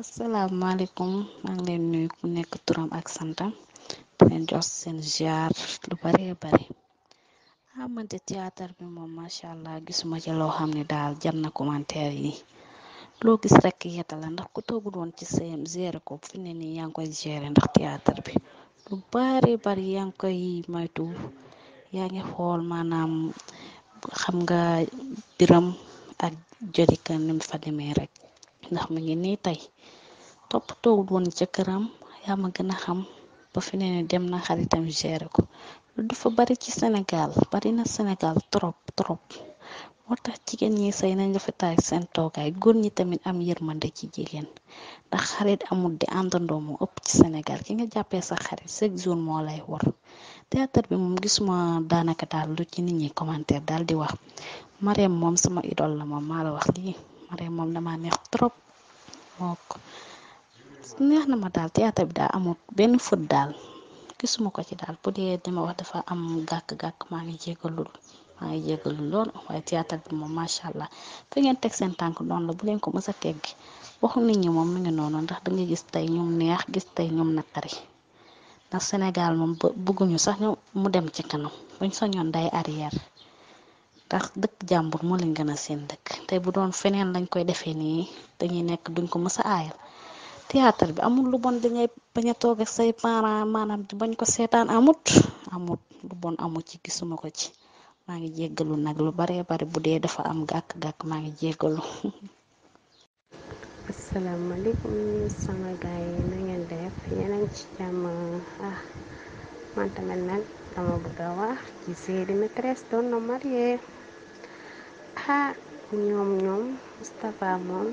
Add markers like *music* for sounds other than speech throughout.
asalaamaaleykum maa ngi nuyu ku nekk turam ak santa di jos seen ziar lu baree bari amante théâtre bi moom macha allah ma ci loo xam ne daal jar na commentaire yi loo gis rek yeta la ndax ku toogul doon ci seen gérer ko fi ne nii yaa ngi koy gérer ndax théâtre bi lu bari bari yaa koy maytu yaa ngi xool maanaam xam nga biram ak jodika nim fa demee rek ndax mu ngi nii tey topp toogul woon jëkkëram yaa ma gën a xam ba fi ne ni dem na xaritam géré ko lu dafa bari ci Sénégal bari na Sénégal trop trop moo tax jigéen ñi say nañ rafetaay seen toogaay góor ñi tamit am yërmande ci jigéen ndax xarit amul di àndandoo mu ëpp ci Sénégal ki nga jàppee sa xarit chaque jour moo lay war théâtre bi moom gisuma daanaka daal lu ci nit ñi commentaire daal di wax Marème moom sama idole la moom maa wax lii marème moom dama neex trop neex na ma daal théâtre bi daal amul benn fët daal gisuma ko ci daal bu dee dama wax dafa am gàkk-gàkk maa ngi jégalul maa ngi lool waaye théâtre bi moom macha allah fi ngeen teg seen tànk noonu la bu leen ko mës a teggi waxu nit ñi moom mi ngi noonu ndax da gis tey ñoom neex gis tey ñoom naqari ndax Sénégal moom bëgguñu sax mu dem ci kanam buñ soñoon day arrière ndax dëkk jàmbur moo leen gën a seen dëkk tey bu doon feneen lañ koy defee nii dañuy nekk duñ ko mës a aayal théâtre bi amul lu bon di ngay bañ a toog say parents maanaam bañ ko seetaan amut amut lu bon amut ci gisuma ko ci maa ngi jéggalu nag lu baree bari bu dee dafa am gàkk-gàkk maa ngi jéggalu *laughs* asalaamaaleykum sama gaay yi def yéen ci jàmm ah tamit nag dama bëgg a ci série maîtresse d'un homme marié ah ñoom ñoom Moustapha moom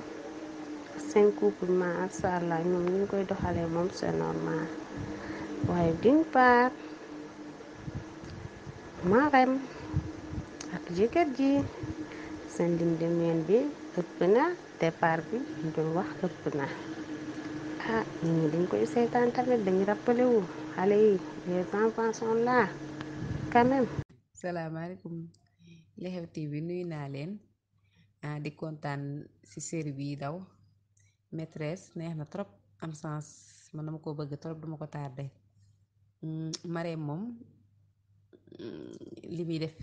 seen couple macha ñoom ñu koy doxalee moom c'est normal waaye d'une part Marème ak jëkkër ji seen dim demeen bi ëpp na départ bi ñu doon wax ëpp na ah nit ñi dañ koy seetaan tamit dañ rappelé wu xale yi les enfants sont là quand même Lu Xew TV nuy naa leen ah, di kontaan ci série bi daw maîtresse neex na trop am sens man na ma ko bëgg trop duma ko tardé mm, Marème moom mm, li muy def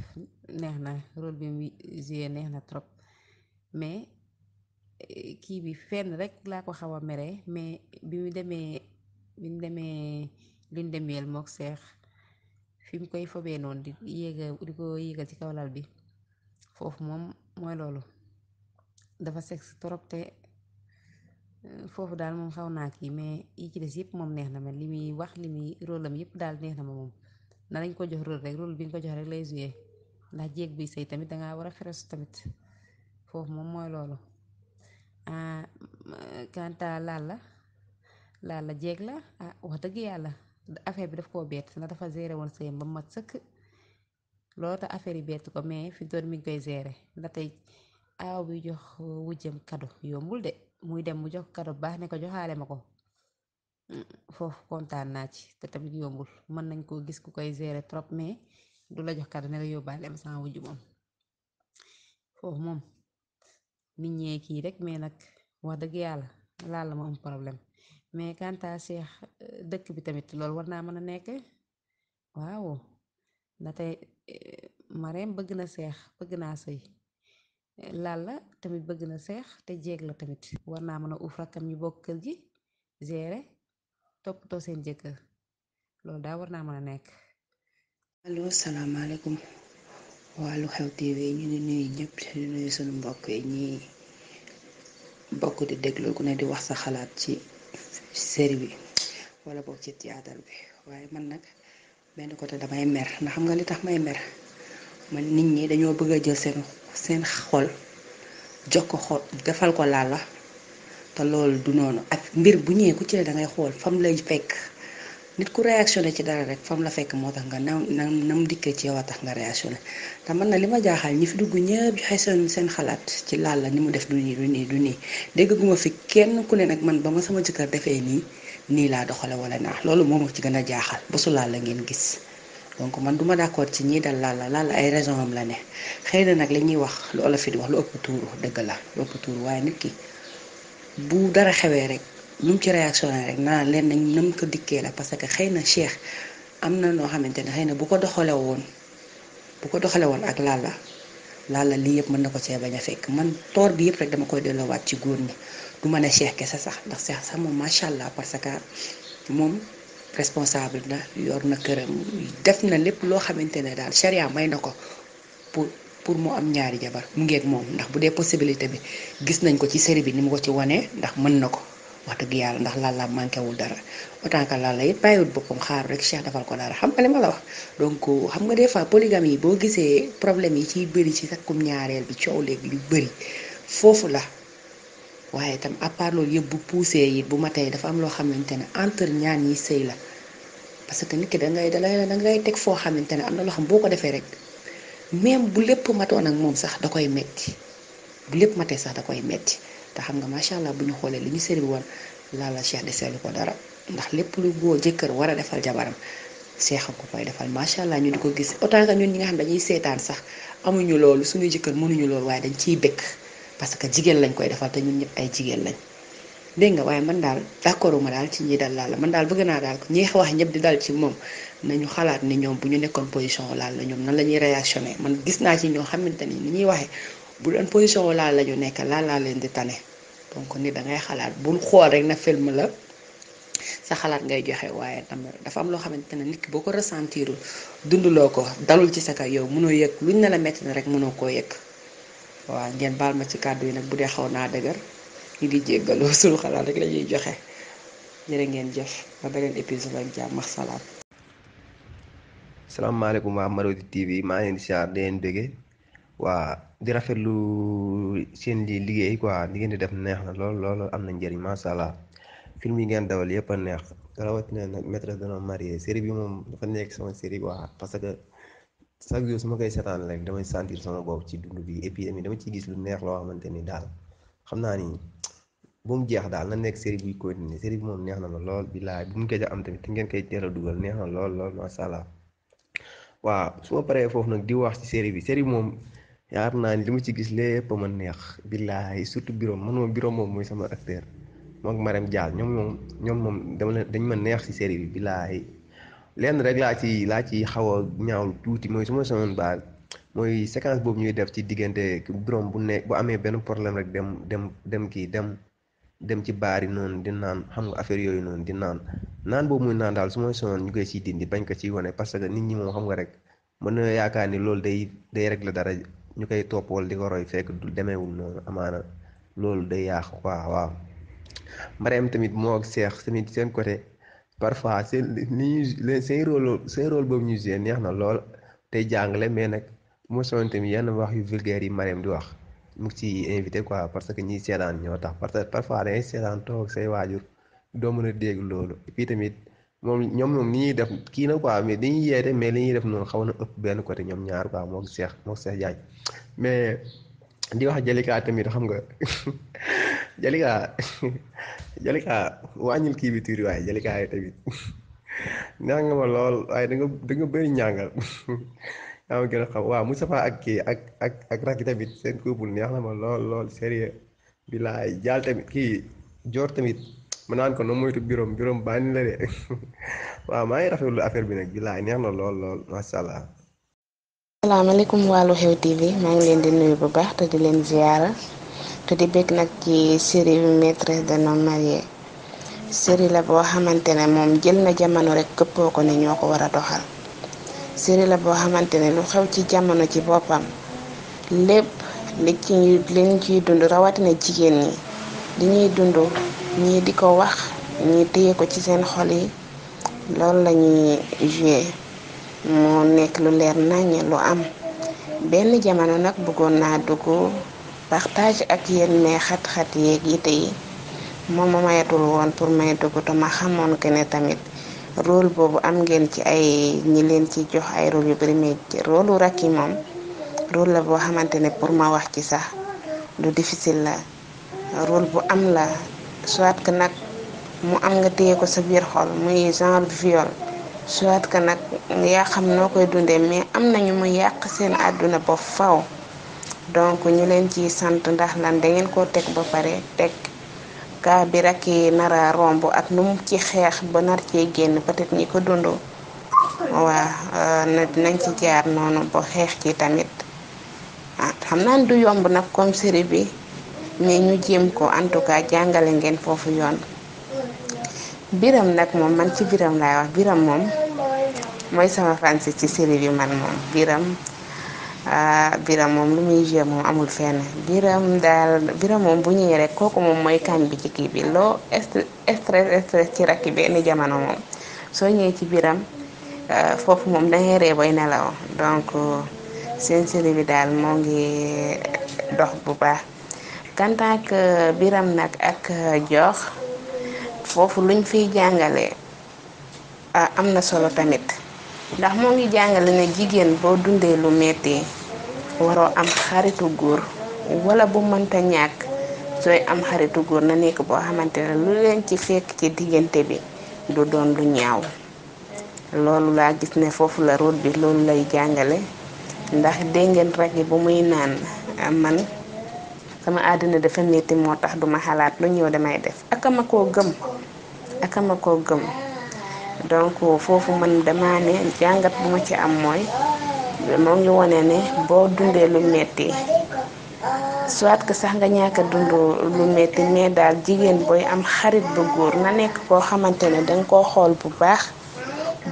neex na rôle bi muy joué neex na trop mais eh, kii bi fenn rek laa ko xaw a mere mais bi mu demee bi mu demee luñ demeel mook seex fi mu koy fobee noonu di yéega di ko yéegal ci kaw lal bi foofu moom mooy loolu dafa sexe trop te eh, foofu daal moom xaw naa kii mais yi ci des yëpp moom neex na ma li muy wax li muy rolam am yëpp daal neex na ma moom na lañ ko jox rol rek rôle bi ñu ko jox rek lay joué ndax jéeg bi sëy tamit dangaa war a xeresu tamit foofu moom mooy loolu ah, kanta laal la laal la jeeg la ah wax dëgg yàlla affaire bi daf koo bett na dafa géré woon sëyam ba mat sëkk looloo tax affaire yi bett ko mais fi doon mi ngi koy gérer ndax tey aw bi jox wujjam kado yombul de muy dem mu jox kado baax ne ko joxaale ma ko mm, foofu kontaan naa ci te tamit yombul mën nañ koo gis ku koy gérer trop mais du la jox kado ne la yóbbaale ma sama wujj moom foofu moom nit ñee kii rek mais nag wax dëgg yàlla laal la ma am problème mais quant à euh, dëkk bi tamit loolu war naa mën a nekk waaw na tey eh, Marème bëgg na seex bëgg naa sëy eh, la tamit bëgg na seex te jeeg la tamit war naa mën a uuf rakkam ñu bokk kër gi gérer toppatoo seen jëkkër loolu daa war naa mën a nekk allo salaamaaleykum waa Lu Xew TV ñu ngi nuyu ñëpp di suñu mbokk yi ñi bokk di déglu ku ne di wax sa xalaat ci série bi wala bokk ci théâtre bi waaye man nag benn côté damay mer ndax xam nga li tax may mer man nit ñi dañoo bëgg a jël seen seen xol jox ko xol defal ko lalla te loolu du noonu ak mbir bu ñëwee ku ci ne da ngay xool fam lay fekk nit ku réactionné ci dara rek fam la fekk moo tax nga nam nam dikkee ci yow a tax nga réactionné te man na li ma jaaxal ñi fi dugg ñëpp joxe seen seen xalaat ci lalla ni mu def du nii du nii du nii dégg gu fi kenn ku ne nag man ba ma sama jëkkër defee nii. nii laa doxale wala naax loolu moom moo ci gën a jaaxal bésu laal la ngeen gis donc man duma d'accord ci ñii dal laal la laal ay raison am la ne xëy na nag li ñuy wax lu olof di wax lu ëpp tuuru dëgg la lu waaye nit ki bu dara xewee rek nu mu ci réaction rek naa leen nañ nam ko dikkee la parce que xëy na Cheikh am na noo xamante ne xëy na bu ko doxale woon bu ko doxale woon ak laal la laal la lii yëpp mën na ko cee bañ a fekk man toor bi yëpp rek dama koy delloowaat ci góor ñi du mën a Cheikh kese sax ndax Cheikh sax moom macha allah parce que moom responsable na yor na këram def na lépp loo xamante ne daal charia may na ko pour pour mu am ñaari jabar mu ngeeg moom ndax bu dee possibilité bi gis nañ ko ci série bi ni mu ko ci wanee ndax mën na ko wax dëgg yàlla ndax Lalla manqué wul dara autant que Lalla it bàyyiwul boppam xaar rek Cheikh defal ko dara xam nga li ma la wax donc xam nga des fois polygamie yi boo gisee problème yi ciy bëri ci takkum ñaareel bi coow léegi lu bëri foofu la waaye itam à part loolu yëpp bu poussé yit bu matee dafa am loo xamante ne entre ñaan yi sëy la parce que nit ki da ngay da ngay teg foo xamante ne am na loo xam boo ko defee rek même bu lépp matoon ak moom sax da koy metti bu lépp matee sax da koy metti te xam nga macha allah bu ñu xoolee li ñu sëri bi war laala cheikh de seetlu ko dara ndax lépp lu boo jëkkër war a defal jabaram seexam ko koy defal macha allah ñu di ko gis autant que ñun ñi nga xam dañuy seetaan sax amuñu loolu suñu jëkkër mënuñu loolu waaye dañ ciy bëgg. parce que jigéen lañ koy defal te ñun ñëpp ay jigéen lañ dégg nga waaye man daal d'accordu daal ci ñi dal laal la man daal bëgg naa daal ñi wax ñëpp di dal ci moom nañu xalaat ni ñoom bu ñu nekkoon position laal la ñoom nan la ñuy réactionné man gis naa ci ñoo xamante ni ni ñuy waxee bu doon position laal la ñu nekk laal laa leen di tane donc ni da ngay xalaat bul xool rek na film la sa xalaat ngay joxe waaye tamit dafa am loo xamante ne nit ki boo ko dundu loo ko dalul ci sa kaw yow mënoo lu ñu ne la metti na rek mënoo koo yëkk waa ngeen baal ma ci kaddu yi nag bu dee xaw naa dëgër ñu ngi jéggaloo *laughs* suñu xalaat rek la joxe jërë ngeen jëf ba beneen épisode ak jàmm ak maa ngi leen di siyaar di leen bëggee di liggéey quoi li ngeen di def neex na lool lool am na njëriñ macha allah film yi ngeen dawal yëpp a neex rawatina nag maîtresse d'un homme marié série bi moom dafa nekk sama série quoi parce que. chaque jour su ma koy seetaan rek damay sentir sama boobu ci dund bi et puis dama ciy gis lu neex loo xamante ni daal xam naa ni bu mu jeex daal na nekk série buy continuer série bi neex na ma lool bilaay bu mu gëj a tamit ngeen koy teel a dugal neex na lool lool macha allah waaw su paree foofu nag di wax ci série bi série moom yaar naa ni li ma ci gis lépp ma neex bilaay surtout Birame man moom Birame moom mooy sama acteur moo ma Marème Dial ñoom moom ñoom moom dama leen dañ ma neex ci série bi bilaay. lenn rek laa ci laa ci xaw a ñaawlu tuuti mooy suma ma sonoon mooy séquence boobu ñuy def ci diggante borom bu ne bu amee benn problème rek dem dem dem kii dem dem ci baar yi noonu di naan xam nga yooyu noonu di naan naan boobu muy naan daal suma ma ñu koy siy dindi bañ ko ciy wane parce que nit ñi moom xam nga rek mën na yaakaar ni loolu day day la dara ñu koy topp di ko roy fekk du demeewul noonu amaana loolu day yàq waaw waaw mbareem tamit moo ak seex tamit seen côté. parfois seen li ñuy seen rôle seen rôle boobu ñu joué neex na lool tey jàngale mais nag mosoon tamit yenn wax yu vulgaire yi Marème di wax mu ngi ciy invité quoi parce que ñiy seetaan ñoo tax parce que parfois dangay seetaan toog say waajur doo mën a dégg loolu et tamit moom ñoom moom ni ñuy def kii na quoi mais dañuy yeete mais li ñuy def noonu xaw na ëpp benn côté ñoom ñaar quoi moog Cheikh moog Cheikh Diagne mais di wax Jalika tamit xam nga. *laughs* Jalika *laughs* Jalika wàññil kii bi tuuti waaye Jalika yi tamit *laughs* neex ma lool waaye da nga da nga bëri ñàngal *laughs* ak kii ak ak ak rakk neex na ma lool lool sérieux bilaay jaal tamit kii joor tamit ma naan ko no moytu biroom biroom bànni la de waaw maa ngi rafetlu affaire bi nag bilaay neex na lool lool macha allah. salaamaaleykum Xew TV maa leen di nuyu bu baax te di leen ziyaara. te di bëgg nag ci série bi maîtresse d'un série la boo xamante ne moom jël na jamono rek këppoo ko ne ñoo ko war a doxal série la boo xamante ne lu xew ci jamono ci boppam lépp li ci liñ ciy dund rawatina jigéen ñi li ñuy dund ñii di ko wax ñii téye ko ci seen xol yi loolu la ñuy moo nekk lu leer naññ lu am benn jamono nag bëggoon naa dugg partage ak yéen mais xat-xat yeeg yi tey moom ma mayatul woon pour may dugg ma xamoon que ne tamit rol boobu am ngeen ci ay ñi leen ci jox ay rôle yu bari mais rôle u rakk yi moom rôle la boo xamante ne pour ma wax ci sax lu difficile la rôle bu am la soit que nag mu am nga téye ko sa biir xol muy genre viol soit que nag yaa xam noo koy dundee mais am na ñu mu yàq seen àdduna ba faw donc ñu leen ci sant ndax lan dangeen ko teg ba pare teg kaa bi rek nara romb ak nu mu ci xeex ba nar cee génn peut ñi ko dund waa euh, na dinañ ci jaar noonu ba xeex ci tamit ah xam naa du yomb nag comme série bi mais ñu jéem ko en tout cas jàngale ngeen foofu yoon biram nag moom man ci biram laay wax biram moom mooy sama fansi ci série bi man moom biram ah biram moom lu muy joué moom amul fenn biram daal biram moom bu ñëwee rek kooku moom mooy kañ bi ci kii bi loo stress stress ci rakki benn jamono moom soo ñëwee ci biram ah, foofu moom da ngay ree bay nelaw donc seen bi daal moo ngi dox bu baax quant ak biram nag ak jox foofu luñ fiy jàngale ah, am na solo tamit ndax moo ngi jàngale ne jigéen boo dundee lu metti waroo am xaritu góor wala bu mënta ñàkk sooy am xaritu góor na nekk boo xamante ne lu leen ci fekk ci diggante bi du doon lu ñaaw loolu laa gis ne foofu la root bi loolu lay jàngale ndax dégg ngeen bu muy naan man sama àddina dafa metti moo tax duma xalaat lu ñëw damay def akama koo gëm akama koo gëm donc foofu man dama ne jàngat bu ma ci am mooy moo ngi wane ni boo dundee lu metti soit que sax nga ñàkk a dund lu metti mais daal jigéen booy am xarit bu góor nga nekk koo xamante ne danga koo xool bu baax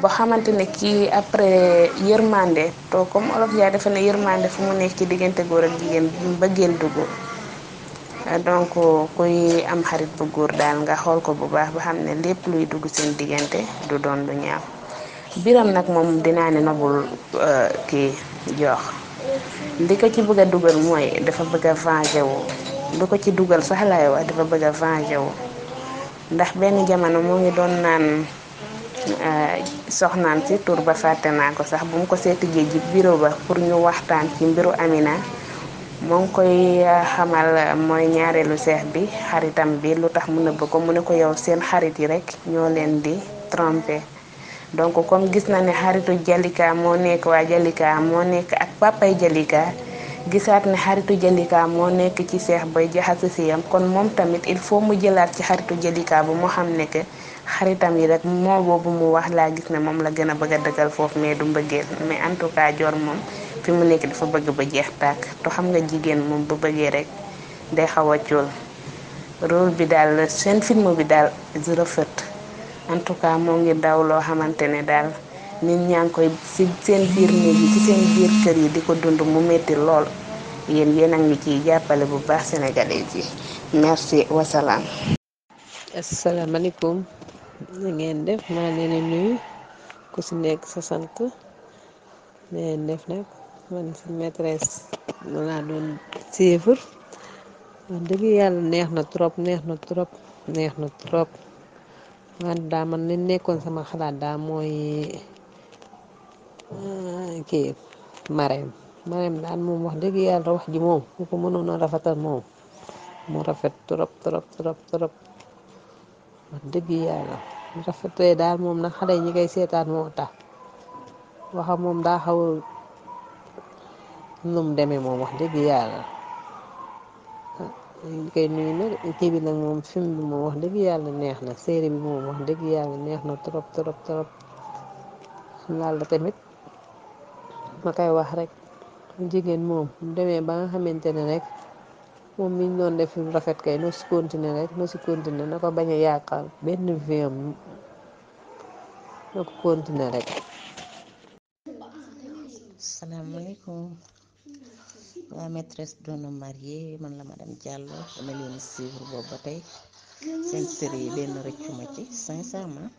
boo xamante ne kii après yërmande to comme olof yaa dafa ne yërmande fu mu nekk ci diggante góor ak jigéen bëggeel dugg donc kuy am xarit bu góor daal nga xool ko bu baax ba xam ne lépp luy dugg seen diggante du doon lu ñaaw biram nag moom dinaa ne nobul euh, kii jox li ko ci bëgg a dugal mooy dafa bëgg a venger wu du ko ci dugal sax laay wax dafa bëgg a venger wu ndax benn jamono moo ngi doon naan euh, soxnaam ci tur ba fàtte naa ko sax bu mu ko seeti géej ji bureau ba pour ñu waxtaan ci mbiru Amina moo ngi koy euh, xamal mooy ñaareelu seex bi xaritam bi lu tax mu nëbb ko mu ne ko yow seen xarit yi rek ñoo leen di tromper. donc comme gis na ne xaritu Jalika moo nekk waa Jalika moo nekk ak papay Jalika gisaat ne xaritu Jalika moo nekk ci Cheikh Boy jaxase si yam kon moom tamit il faut mu jëlaat ci xaritu Jalika bu mu xam ne que xaritam yi rek moo boobu mu wax laa gis ne moom la gën a bëgg a dëggal foofu mais du mbëggeel mais en tout moom fi mu nekk dafa bëgg ba jeex tàkk to xam nga jigéen moom bu bëggee rek day xaw a cool rôle bi daal seen film bi daal rafet en tout cas moo ngi daw loo xamante ne daal nit ñaa koy si seen biir néeg yi ci seen biir kër yi di ko dund mu metti lool yéen yéen a ngi ciy jàppale bu baax sénégalais yi merci wasalaam. asalaamaaleykum na ngeen def maa ngi leen nuyu ku si nekk sa sant na ngeen def nag ma neex na trop neex na trop neex na trop. man daa man li nekkoon sama xalaat daa mooy ah, kii Marème Marème daal moom wax dëgg yàlla wax ji moom ku ko mënoon a rafetal moom mu rafet trop trop trop wax dëgg yàlla rafetee daal moom na xale ñi koy seetaan moo tax waxa moom daa xaw num demee moom wax dëgg yàlla. ñu koy nuyu nag kii bi nag moom film bi moom wax dëgg yàlla neex na série bi moom wax dëgg yàlla neex na trop trop trop xam naa la tamit ma koy wax rek jigéen moom mu demee ba nga xamante ne rek moom mi ñu doon def lu rafet kay no si continuer rek no si continuer na ko bañ a yàqal benn viam na ko continuer rek. salaamaaleykum. waa euh, maîtresse d'un homme marié man la madame jàll dama leen suivre boobu ba tey seen série yi benn rëccu ma ci sincèrement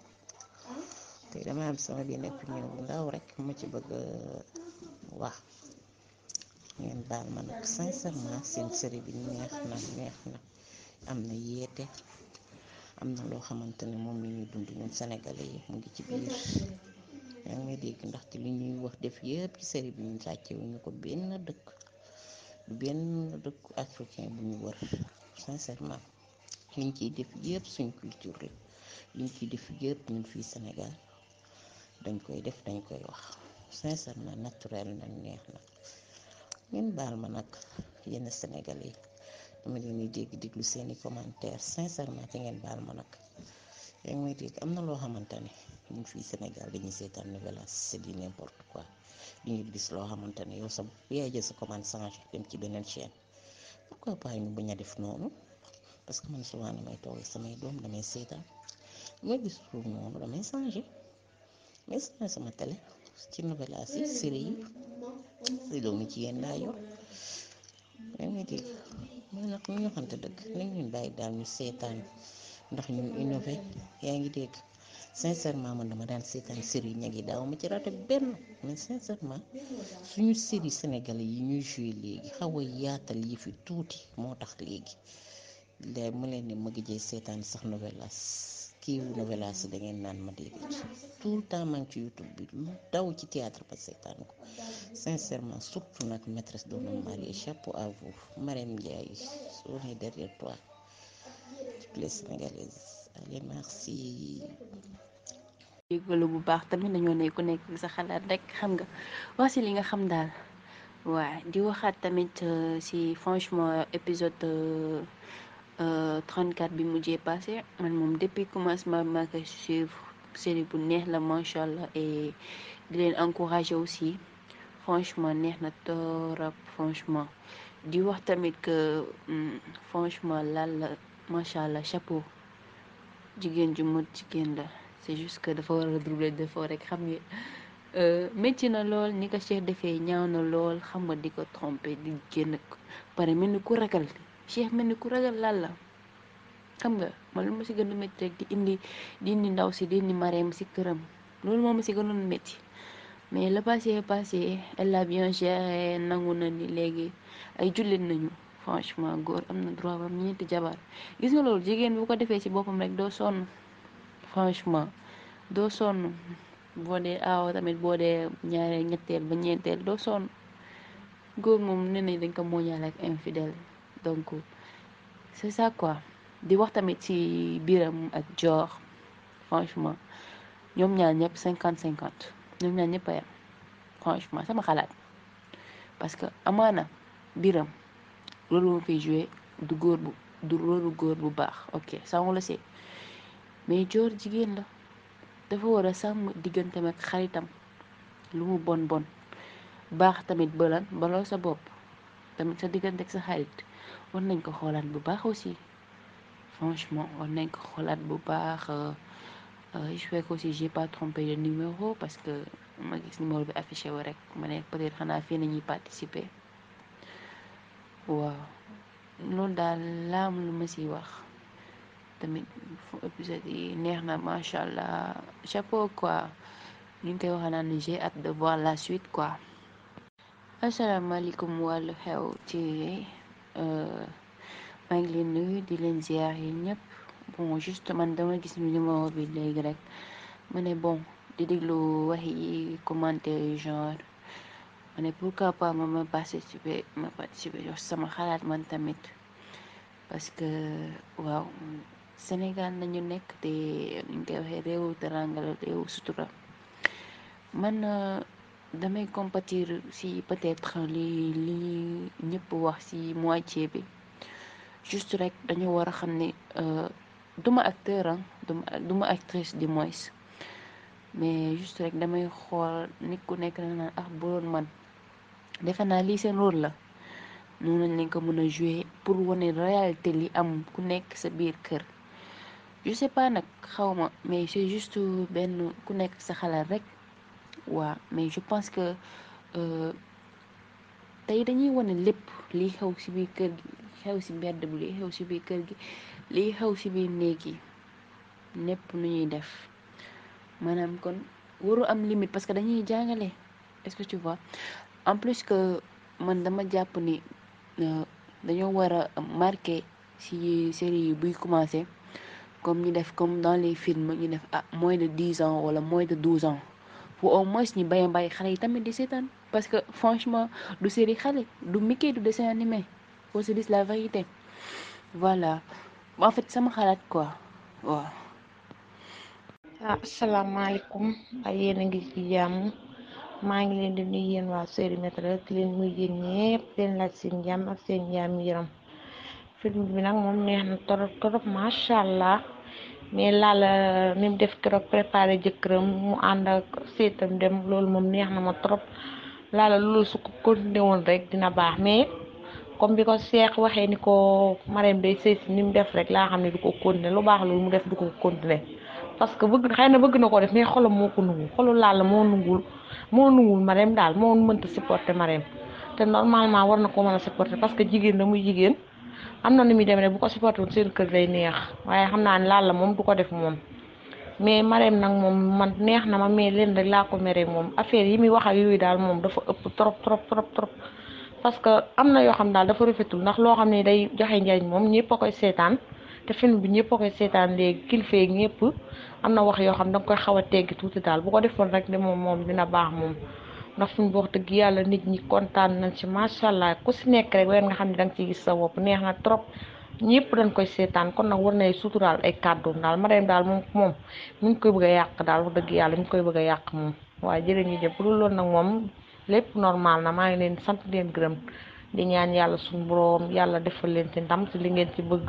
dama am sama benn opinion ndaw rek ma ci bëgg euh, wax ngeen baal ma nag sincèrement seen série bi neex na neex na am na yéete am na loo xamante ne moom la ñuy dund ñun sénégalais yi mu ngi ci biir yaa ngi may dégg ndax ci li ñuy wax def yëpp ci série bi ñu sàccewuñu ko benn dëkk benn dëkku africain bu ñu wër sincèrement liñ ciy def yëpp suñ culture la liñ ciy def yëpp ñun fii Sénégal dañ koy def dañ koy wax sincèrement naturel na neex na ngeen baal ma nag yenn Sénégalais dama leen di dégg déglu seeni commentaire sincèrement te ngeen baal ma nag yaa ngi may dégg am na loo xamante ne ñun fii Sénégal dañuy seetaan novelas c'est di n'importe quoi di nga gis loo xamante ne yow sa yaay jël sa commande changé dem ci beneen chaîne pourquoi pas ñu bañ a def noonu parce que man souvent may toog samay doom damay seetaan damay gis suuf noonu damay changé mais sama télé ci novelas yi série yi série mi ci yéen laa yor mais muy dégg mooy nag ñu waxante dëgg nañ bàyyi daal ñu seetaan ndax ñu innové yaa ngi dégg. sincèrement man dama daan seetaan série yi ñagi daaw ma ci raté benn mais sincèrement suñu série sénégalais yi ñuy joué léegi xaw a yaatal yi fi tuuti moo tax léegi léeg mu leen ne ma gëjee seetaan sax novelas kii wu novelas da ngeen naan ma dégg tout le temps maa ngi ci youtube bi lu daw ci théâtre ba seetaan ko sincèrement surtout nag maîtresse d'un homme marié chapeau à vous Marème Ndiaye on derrière toi toutes les sénégalaises allez jéggalu bu baax tamit dañoo ne ku nekk sa xalaat rek xam nga wax si li nga xam daal waaw di waxaat tamit si euh, franchement épisode 34 euh, euh, bi mujjee passé man moom depuis commencement bi maa koy suivre série bu neex la macha allah et di leen encourager aussi franchement neex na torop franchement di wax tamit que hmm, franchement laal la macha allah chapeau jigéen ju mot jigéen la. c'est juste que dafa war a redoubler d'effort rek xam nga euh, métti na lool ni ko Cheikh defee ñaaw na lool xam nga di ko tromper di génn pare mel ni ku ragal Cheikh mel ni ku ragal lan la xam nga ma si gën a métti rek indi di ndaw si di indi mareem si këram loolu moom ma si métti mais le passé passé elle a bien géré nangu na ni léegi ay jullit nañu franchement góor am na droit am ñeenti jabar gis nga loolu jigéen bu ko defee si boppam rek doo sonn. franchement doo sonn boo dee aaw tamit boo dee ñaareel ñetteel ba ñeenteel doo sonn góor moom nee nañ dañ ko mooñaale infidèle donc c'est ça quoi di wax tamit ci biram ak joor franchement ñoom ñaar ñëpp cinquante cinquante ñoom ñaar ñëpp a franchement sama xalaat parce que amaana biram loolu mu fiy du góor bu du loolu góor bu baax ok ça on mais joor jigéen la dafa war a sàmm digganteem ak xaritam lu mu bon bon baax tamit balan baloo sa bopp tamit sa diggante ak sa xarit war nañ ko xoolaat bu baax aussi franchement war nañ ko xoolaat bu baax euh, euh, j'espère que aussi j'ai pas trompé le parce que ma gis numéro bi affiché wu rek ma ne peut-être xanaa fii nañuy participer waaw loolu daal lu ma siy wax tamit épisode yi neex na macha allah chapeau quoi ñu ngi koy wax naan j'ai hâte de voir la suite quoi. asalaamaaleykum wàllu xew eh, ci eh, maa ngi leen di leen ziar yi ñëpp bon juste man dama gis numéro bi léegi rek ma ne bon di déglu wax yi commentaire genre ma ne pourquoi pas ma ma participer ma participer sama xalaat man tamit parce que waaw Sénégal nañu nekk te ñu koy waxee réewu teranga la sutura man euh, damay compatir si peut-être lii li ñëpp wax si moitié bi juste rek dañu war a xam ne euh, duma acteur ah duma actrice di moins mais juste rek damay xool nit ku nekk na naan ah bu doon man defe naa lii seen rôle la noonu lañ ko mën a jouer pour wane réalité li am ku nekk sa biir kër je sais pas nag xawma mais c'est juste euh, benn ku nekk sa xalaat rek waa mais je pense que euh, tey dañuy wone lépp li xew ci biir kër gi xew ci mbedd bi li xew ci biir kër gi liy xew ci biir néeg yi népp nu ñuy def maanaam kon waru am limite parce que dañuy jàngale est-ce que tu vois en plus que man dama jàpp ni euh, dañoo war a marqué ci série yi buy commencé comme ñu def comme dans les films ñu def ah moins de dix ans wala moins de douze ans pour au moins ñu bàyyi bay xale yi tamit di seetaan parce que franchement du série xale du Mickey du dessin animé faut se dire la vérité voilà en sama xalaat quoi waaw. ah asalaamaaleykum ay yéen a ngi jàmm maa ngi leen di nuyu yéen waa série Maîtresse leen muy yéen ñëpp leen laaj seen jàmm ak seen jàmm yaram film bi nag moom neex na torop torop macha allah. mais Lalla ni def keroog préparé jëkkëram mu ànd ak seetam dem loolu moom neex na ma trop Lalla loolu su ko continué woon rek dina baax mais comme bi ko Cheikh waxee ni ko Marème day sëy si ni mu def rek laa xam ne du ko continué lu baax loolu mu def du ko continué parce que bëgg xëy na bëgg na ko def mais xolam moo ko nungul xolu Lalla moo nungul moo nungul Marème daal moo mënta supporter Marème te normalement war na ko mën a supporter parce que jigéen la muy jigéen. am na nu muy demee bu ko supporté wul seen kër day neex waaye xam naa ne laal la moom du ko def moom mais mareem nag moom man neex na ma mais leen rek laa ko meree moom affaire yi muy wax ak yooyu daal moom dafa ëpp trop trop trop trop parce que am na yoo xam daal dafa rafetul ndax loo xam ne day joxe njariñ moom ñëpp a koy seetaan te film bi ñëpp a koy seetaan léegi kilifa yi am na wax yoo xam danga koy xaw a teggi tuuti daal bu ko defoon rek de moom moom dina baax moom ndax suñu wax dëgg yàlla nit ñi kontaan nañ ci macha allah ku si nekk rek weer nga xam ne da nga ciy gis sa bopp neex na trop ñëpp dañ koy seetaan kon nag war na suturaal ay kàddu daal Marème daal moom moom mi ngi koy bëgg a yàq daal wax dëgg yàlla mi ngi koy bëgg a yàq moom waaye jërë ñu jëpp lu loolu nag moom lépp normal na maa ngi leen sant leen gërëm di ñaan yàlla suñu boroom yàlla defal leen ci ndam ci li ngeen ci bëgg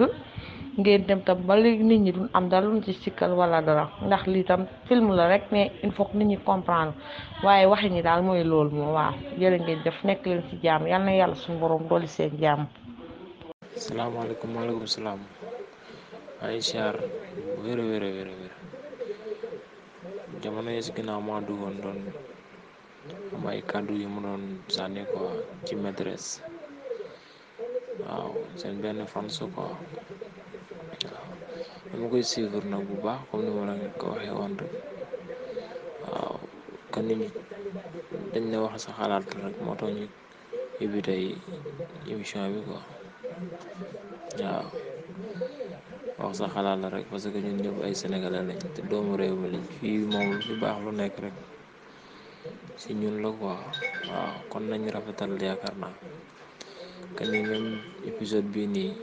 ngeen dem tam ba léegi nit ñi duñ am dara luñ ci sikkal wala dara ndax lii tam film la rek mais il faut que nit ñi comprendre waaye waxe ñi daal mooy lool moom waaw jërë ngeen jëf nekk leen ci jàmm yal na yàlla suñ borom dolli seen jàmm. salaamaaleykum maaleykum salaam. ay siyaar wér wér wér wér jamono yi si ginnaaw maa duggoon doon am ay kàddu yu mu doon sànni quoi ci maîtresse waaw seen benn fan su dama koy suivre nag bu baax comme ni ma la ko waxee woon rek waaw kon dañ ne wax sa xalaat rek moo tax ñu ubbi tey bi ko waaw wax sa xalaat la rek parce que ñun ñëpp ay sénégalais lañ te doomu réew mi lañ fii moom lu baax lu nekk rek si ñun la quoi waaw kon nañ rafetal yaakaar na que ni épisode bii nii.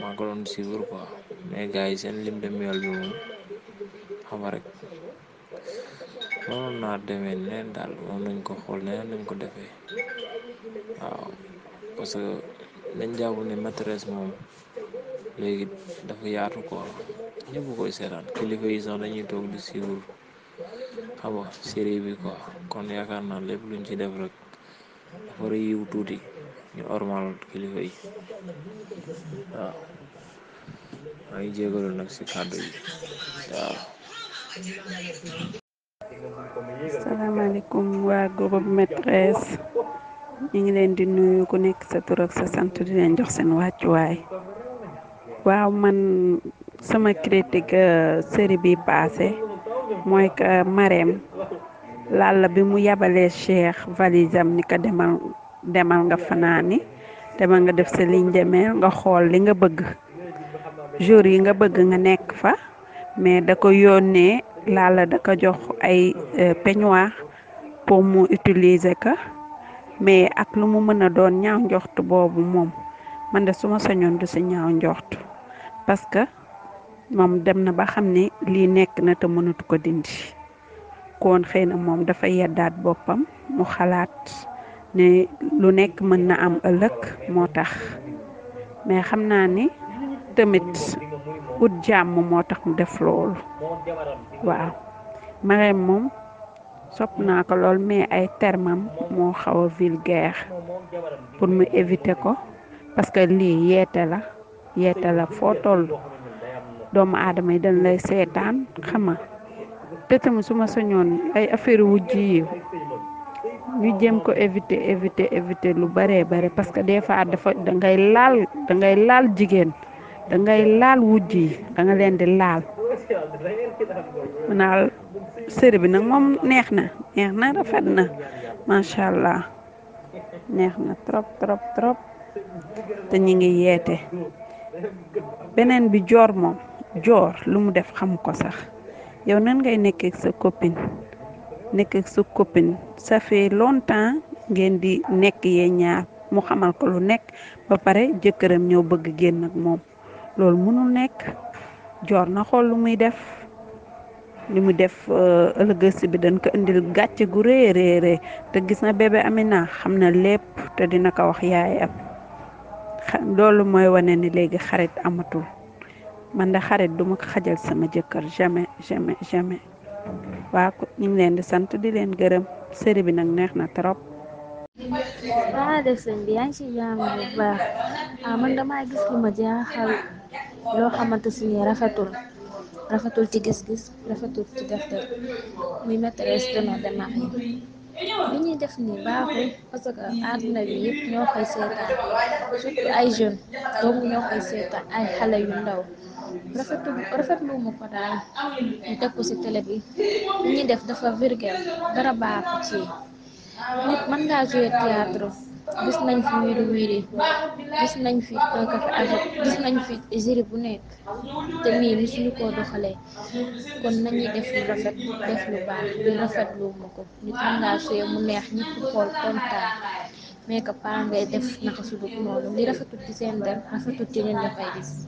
maa ko doon suivre quoi mais gars yi seen lim de miel bi moom xam rek mënoon naa demee neen daal moom nañ ko xool neen nañ ko defee waaw parce que dañ jàpp ne maîtresse moom léegi dafa yaatu quoi ñëpp koy seetaan kilifa yi sax dañuy toog di suivre xam nga série bi quoi kon yaakaar naa lépp luñ ci def rek dafa yiw tuuti. ñu ormal kilifa yi waa groupe maîtresse ñu ngi leen di nuyu ku nekk sa tur sa sant di leen jox seen wàccuwaay waaw man sama critique euh, série bi passé mooy que Marème Lalla bi mu yabalee Cheikh valisam ni demal demal nga fanaani demal nga def sa ligne de nga xool li nga bëgg jour yi nga bëgg nga nekk fa mais da ko yónnee laala da ko jox ay euh, peignoir pour mu utiliser ko mais ak lu mu mën a doon ñaaw njoxtu boobu moom man de suma ma sañoon du si ñaaw njoxtu parce que moom dem na ba xam ni lii nekk na te mënatu ko dindi kon xëy na moom dafa yeddaat boppam mu xalaat ne lu nekk mën na am ëllëg moo tax mais xam naa ni tamit ut jàmm moo tax mu def loolu waaw Marème moom sopp naa ko lool mais ay termam moo xaw a vulgaire pour mu éviter ko parce que lii yeete la yeete la foo toll doomu aadama yi dañ lay seetaan xama te tamit suma ma sañoon ay affaire wujj yi ñu jëm ko évité éviter éviter lu baree bare parce que des fois dafa da ngay laal da ngay laal jigéen da ngay laal wujj yi danga leen di laal naa série bi nag moom neex na neex na rafet na macha allah neex na trop trop trop te ñu ngi yeete beneen bi joor moom joor lu mu def xamu ko sax yow nan ngay nekkee sa copine. nekk ak sa copine ça fait longtemps ngeen di nekk yee ñaar mu xamal ko lu nekk ba pare jëkkëram ñëw bëgg génn ak moom loolu mënul nekk joor na xool lu muy def li mu def euh, ëllëgësi bi dañ ko indil gàcce gu rëy rëy rëy te gis na bébé Amina xam na lépp te dina ko wax yaayam loolu mooy wane ni léegi xarit amatul man da xarit du ma xajal sama jëkkër jamais jamais jamais waa ñu ngi leen di sant di leen gërëm série bi nag neex na trop. waaw ci jàmm baax ah man gis lu ma jaaxal loo xamante si ne rafetul ci gis-gis rafetul ci deftar muy maîtresse d'un homme marié li ñuy def nii baaxul parce que àdduna bi yëpp ñoo koy seetaan surtout ay jeunes doomu ñoo koy seetaan ay xale yu ndaw. rafetlu rafetlu mu ko daal ñu teg ko ci télé bi li ñuy def dafa virgule dara baaxu ci nit mën ngaa jouer théâtre gis nañ fi wiiri wiiri gis nañ fi toogafe avec gis nañ fi jury bu nekk te mii mi suñu koo doxalee kon nañuy def lu rafet def lu baax lu rafet lu ko nit mën ngaa jouer mu neex ñëpp xool kontaan mais que pas ngay def naka su dul li rafetul ci seen dem rafetul ci ñun dafay gis